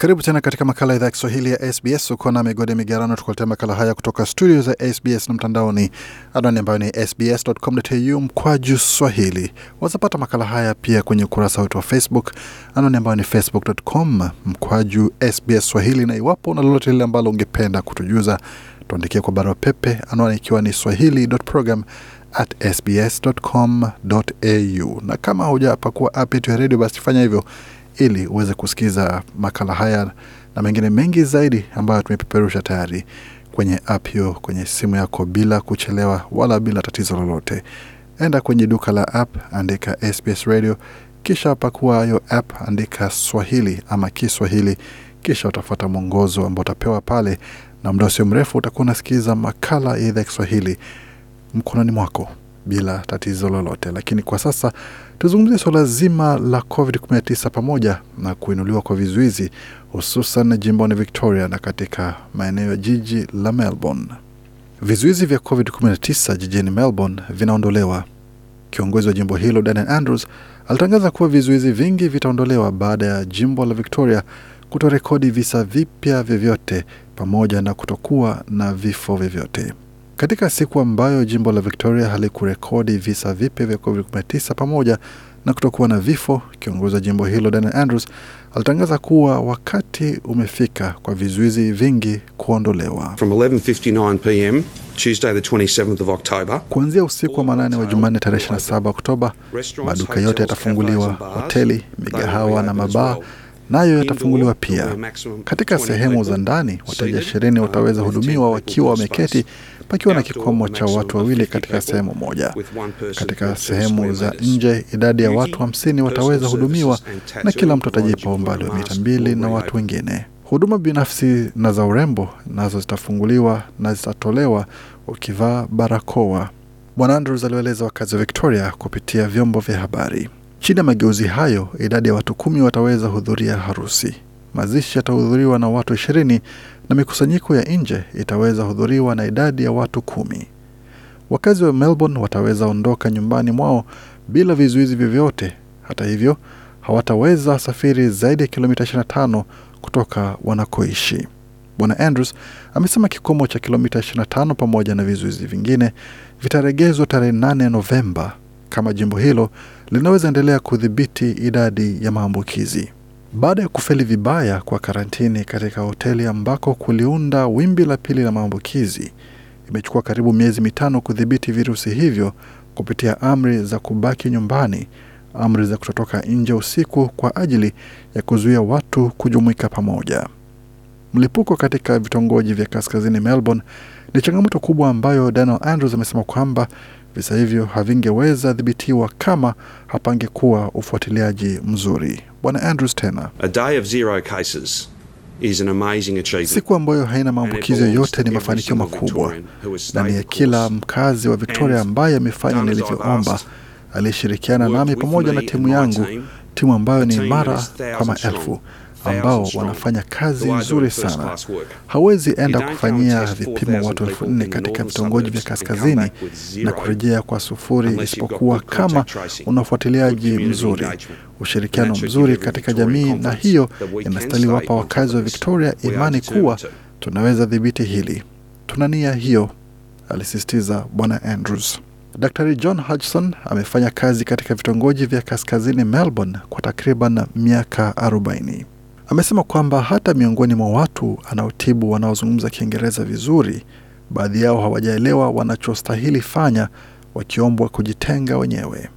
Karibu tena katika makala idhaa ya Kiswahili ya SBS. Uko na migode migerano, tukuletea makala haya kutoka studio za SBS na mtandaoni, anwani ambayo ni sbs.com.au mkwaju swahili. Wazapata makala haya pia kwenye ukurasa wetu wa Facebook, anwani ambayo ni facebook.com mkwaju sbs swahili. Na iwapo na lolote lile ambalo ungependa kutujuza, tuandikie kwa barua pepe, anwani ikiwa ni swahili.program at sbs.com.au. Na kama hujapakua app yetu ya redio, basi fanya hivyo ili uweze kusikiza makala haya na mengine mengi zaidi ambayo tumepeperusha tayari kwenye app hiyo kwenye simu yako bila kuchelewa wala bila tatizo lolote. Enda kwenye duka la app, andika SBS Radio, kisha pakua hiyo app, andika Swahili ama Kiswahili, kisha utafuata mwongozo ambao utapewa pale, na muda usio mrefu utakuwa unasikiliza makala ya idhaa ya Kiswahili mkononi mwako bila tatizo lolote. Lakini kwa sasa tuzungumzie suala zima la COVID-19 pamoja na kuinuliwa kwa vizuizi hususan jimboni Victoria na katika maeneo ya jiji la Melbourne. Vizuizi vya COVID-19 jijini Melbourne vinaondolewa. Kiongozi wa jimbo hilo Daniel Andrews alitangaza kuwa vizuizi vingi vitaondolewa baada ya jimbo la Victoria kutorekodi visa vipya vyovyote pamoja na kutokuwa na vifo vyovyote katika siku ambayo jimbo la Victoria halikurekodi visa vipya vya COVID-19 pamoja na kutokuwa na vifo, kiongozi wa jimbo hilo Daniel Andrews alitangaza kuwa wakati umefika kwa vizuizi vingi kuondolewa. From 11:59 pm Tuesday the 27th of October, kuanzia usiku wa manane wa Jumanne tarehe 27 Oktoba, maduka yote yatafunguliwa, hoteli, migahawa na mabaa nayo yatafunguliwa pia. Katika sehemu za ndani, wateja ishirini uh, wataweza hudumiwa wakiwa wameketi pakiwa na kikomo cha watu wawili katika sehemu moja. Katika sehemu za nje, idadi ya watu hamsini wataweza hudumiwa na kila mtu atajipa umbali wa mita mbili na watu wengine. Huduma binafsi na za urembo nazo zitafunguliwa na zitatolewa ukivaa barakoa. Bwana Andrews alioeleza wakazi wa Victoria kupitia vyombo vya habari. Chini ya mageuzi hayo, idadi ya watu kumi wataweza hudhuria harusi. Mazishi yatahudhuriwa na watu ishirini na mikusanyiko ya nje itaweza hudhuriwa na idadi ya watu kumi. Wakazi wa Melbourne wataweza ondoka nyumbani mwao bila vizuizi vyovyote. Hata hivyo, hawataweza safiri zaidi ya kilomita 25 kutoka wanakoishi. Bwana Andrews amesema kikomo cha kilomita 25 pamoja na vizuizi vingine vitaregezwa tarehe 8 Novemba kama jimbo hilo linaweza endelea kudhibiti idadi ya maambukizi baada ya kufeli vibaya kwa karantini katika hoteli ambako kuliunda wimbi la pili la maambukizi. Imechukua karibu miezi mitano kudhibiti virusi hivyo kupitia amri za kubaki nyumbani, amri za kutotoka nje usiku kwa ajili ya kuzuia watu kujumuika pamoja. Mlipuko katika vitongoji vya kaskazini Melbourne ni changamoto kubwa ambayo Daniel Andrews amesema kwamba visa hivyo havingeweza dhibitiwa kama hapangekuwa ufuatiliaji mzuri. Bwana Andrews tena, A day of zero cases is an amazing achievement. Siku ambayo haina maambukizi yoyote ni mafanikio makubwa, na ni ya kila mkazi wa Victoria ambaye amefanya nilivyoomba, aliyeshirikiana nami pamoja na timu yangu, timu ambayo ni imara kama elfu ambao wanafanya kazi nzuri sana. Hawezi enda kufanyia vipimo watu elfu nne katika vitongoji vya kaskazini na kurejea kwa sufuri, isipokuwa kama una ufuatiliaji mzuri, ushirikiano mzuri katika jamii, na hiyo inastahili wapa wakazi wa Victoria imani kuwa tunaweza dhibiti hili. Tuna nia hiyo, alisisitiza Bwana Andrews. Daktari John Hodgson amefanya kazi katika vitongoji vya kaskazini Melbourne kwa takriban miaka Amesema kwamba hata miongoni mwa watu anaotibu wanaozungumza Kiingereza vizuri, baadhi yao hawajaelewa wanachostahili fanya, wakiombwa kujitenga wenyewe.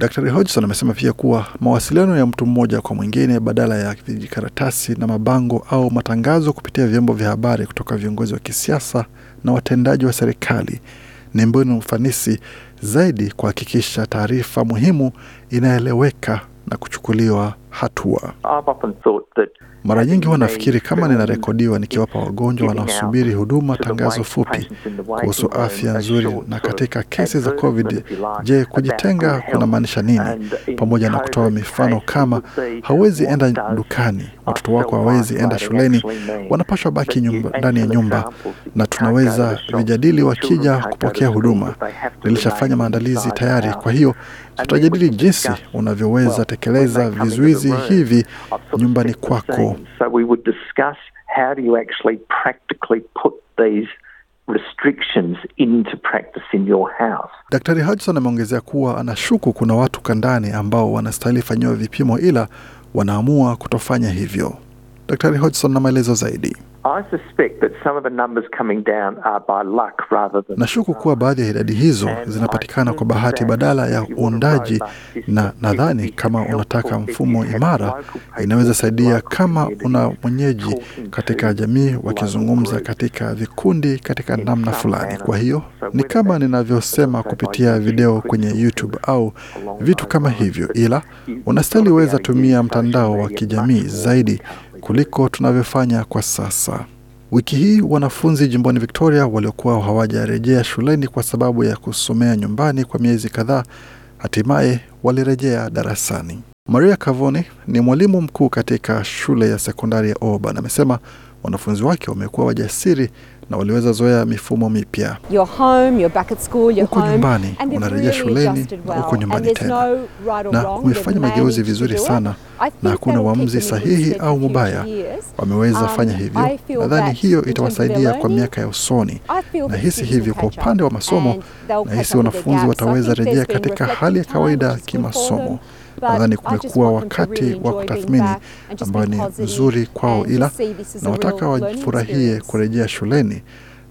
dr Hodgson amesema pia kuwa mawasiliano ya mtu mmoja kwa mwingine badala ya vijikaratasi na mabango au matangazo kupitia vyombo vya habari kutoka viongozi wa kisiasa na watendaji wa serikali ni mbinu ufanisi zaidi kuhakikisha taarifa muhimu inaeleweka na kuchukuliwa hatua. Mara nyingi wanafikiri kama ninarekodiwa nikiwapa wagonjwa wanaosubiri huduma tangazo fupi kuhusu afya nzuri, na katika kesi za COVID, je, kujitenga kunamaanisha nini? Pamoja na kutoa mifano kama hawezi enda dukani, watoto wako hawezi enda shuleni, wanapashwa baki ndani ya nyumba, na tunaweza vijadili wakija kupokea huduma. Nilishafanya maandalizi tayari, kwa hiyo tutajadili jinsi unavyoweza tekeleza vizuizi vizuizi hivi nyumbani kwako. Daktari Hudson ameongezea kuwa anashuku kuna watu kandani ambao wanastahili fanyiwa vipimo ila wanaamua kutofanya hivyo. Daktari Hudson na maelezo zaidi. Nashuku kuwa baadhi ya idadi hizo zinapatikana kwa bahati badala ya uundaji, na nadhani kama unataka mfumo imara, inaweza saidia kama una mwenyeji katika jamii wakizungumza katika vikundi katika namna fulani. Kwa hiyo ni kama ninavyosema kupitia video kwenye YouTube au vitu kama hivyo, ila unastahili weza tumia mtandao wa kijamii zaidi kuliko tunavyofanya kwa sasa. Wiki hii wanafunzi jimboni Victoria waliokuwa hawajarejea shuleni kwa sababu ya kusomea nyumbani kwa miezi kadhaa hatimaye walirejea darasani. Maria cavoni ni mwalimu mkuu katika shule ya sekondari ya Oban, amesema wanafunzi wake wamekuwa wajasiri na waliweza zoea mifumo mipya. Uko nyumbani, unarejea shuleni na uko nyumbani tena, na umefanya mageuzi vizuri sana, na hakuna uamuzi sahihi au mubaya. Wameweza fanya um, hivyo, nadhani hiyo itawasaidia kwa miaka ya usoni. Nahisi hivyo kwa upande wa masomo, nahisi wanafunzi wataweza rejea katika hali ya kawaida kimasomo. Nadhani kumekuwa wakati wa kutathmini ambayo ni mzuri kwao, ila nawataka wafurahie kurejea shuleni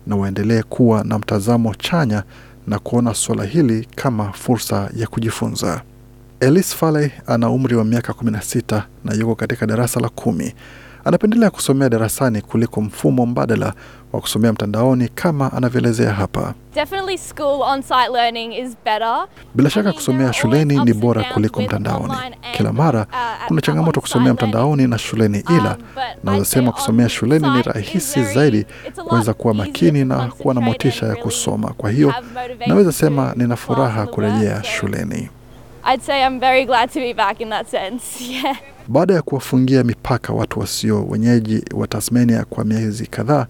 na waendelee kuwa na mtazamo chanya na kuona suala hili kama fursa ya kujifunza. Elis Faley ana umri wa miaka 16 na yuko katika darasa la kumi anapendelea kusomea darasani kuliko mfumo mbadala wa kusomea mtandaoni kama anavyoelezea hapa. Bila shaka kusomea shuleni ni bora kuliko mtandaoni. Kila mara uh, kuna changamoto kusomea mtandaoni na shuleni, um, ila nawezasema kusomea shuleni ni rahisi zaidi kuweza kuwa makini na kuwa na motisha ya kusoma. Kwa hiyo naweza sema nina furaha kurejea shuleni. I'd say I'm very glad to be back in that sense. Yeah. Baada ya kuwafungia mipaka watu wasio wenyeji wa Tasmania kwa miezi kadhaa,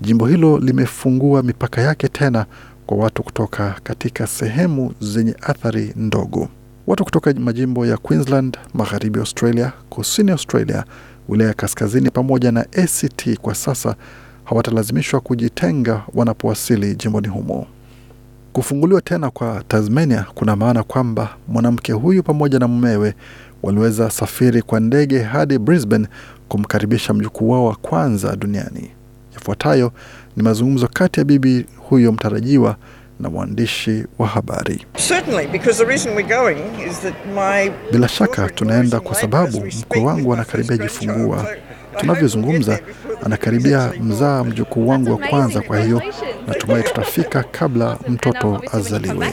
jimbo hilo limefungua mipaka yake tena kwa watu kutoka katika sehemu zenye athari ndogo. Watu kutoka majimbo ya Queensland, magharibi Australia, kusini Australia, wilaya ya kaskazini pamoja na ACT kwa sasa hawatalazimishwa kujitenga wanapowasili jimboni humo. Kufunguliwa tena kwa Tasmania kuna maana kwamba mwanamke huyu pamoja na mumewe waliweza safiri kwa ndege hadi Brisbane kumkaribisha mjukuu wao wa kwanza duniani. Yafuatayo ni mazungumzo kati ya bibi huyo mtarajiwa na mwandishi wa habari. Bila shaka tunaenda kwa sababu mkwe wangu anakaribia jifungua tunavyozungumza, anakaribia mzaa mjukuu wangu wa kwanza, kwa hiyo natumai tutafika kabla mtoto azaliwe.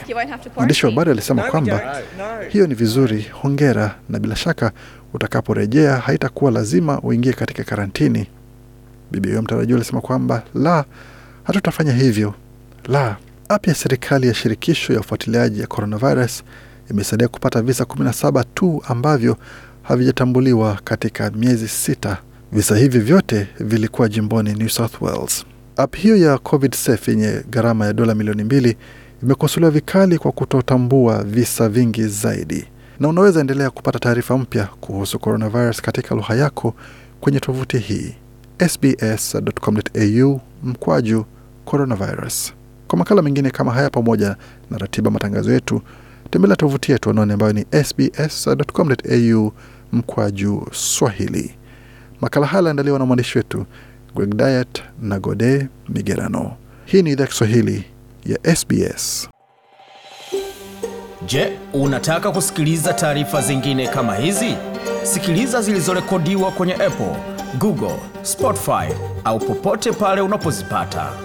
Mwandishi wa habari alisema kwamba hiyo ni vizuri, hongera, na bila shaka utakaporejea haitakuwa lazima uingie katika karantini. Bibi huyo mtarajiwa alisema kwamba la, hatutafanya hivyo, la. App ya serikali ya shirikisho ya ufuatiliaji ya coronavirus imesaidia kupata visa 17 tu ambavyo havijatambuliwa katika miezi sita. Visa hivi vyote vilikuwa jimboni New South Wales. App hiyo ya Covid Safe yenye gharama ya dola milioni mbili imekosolewa vikali kwa kutotambua visa vingi zaidi, na unaweza endelea kupata taarifa mpya kuhusu coronavirus katika lugha yako kwenye tovuti hii sbs.com.au mkwaju coronavirus. Kwa makala mengine kama haya pamoja na ratiba matangazo yetu, tembelea tovuti yetu anaone ambayo ni sbs.com.au mkwaju Swahili. Makala haya aliandaliwa na mwandishi wetu Greg Diet na Gode Migerano. Hii ni idhaa Kiswahili ya SBS. Je, unataka kusikiliza taarifa zingine kama hizi? Sikiliza zilizorekodiwa kwenye Apple, Google, Spotify au popote pale unapozipata.